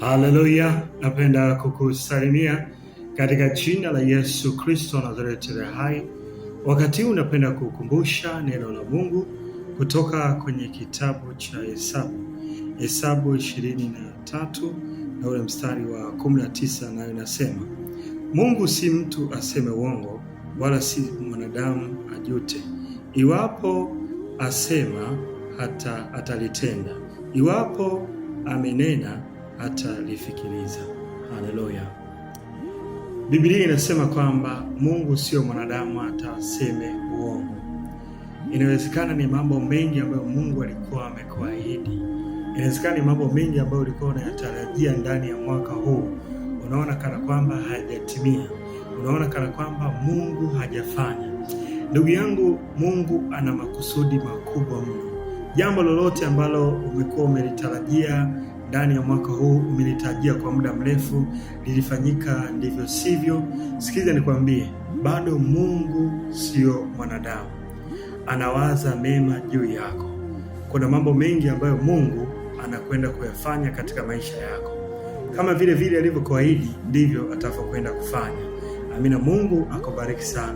Haleluya, napenda kukusalimia katika jina la Yesu Kristo Nazareti aliye hai. Wakati huu napenda kukukumbusha neno la Mungu kutoka kwenye kitabu cha Hesabu, Hesabu 23 na ule mstari wa 19, nayo inasema Mungu si mtu aseme uongo, wala si mwanadamu ajute. Iwapo asema hata atalitenda, iwapo amenena atalifikiriza. Haleluya! Biblia inasema kwamba Mungu sio mwanadamu ataseme uongo. Inawezekana ni mambo mengi ambayo Mungu alikuwa amekuahidi, inawezekana ni mambo mengi ambayo ulikuwa unayatarajia ndani ya mwaka huu, unaona kana kwamba hajatimia, unaona kana kwamba Mungu hajafanya. Ndugu yangu, Mungu ana makusudi makubwa mno. Jambo lolote ambalo umekuwa umelitarajia ndani ya mwaka huu umenitajia kwa muda mrefu, lilifanyika ndivyo sivyo. Sikiliza nikwambie, bado Mungu sio mwanadamu, anawaza mema juu yako. Kuna mambo mengi ambayo Mungu anakwenda kuyafanya katika maisha yako, kama vile vile alivyokuahidi ndivyo atavyokwenda kufanya. Amina. Mungu akubariki sana.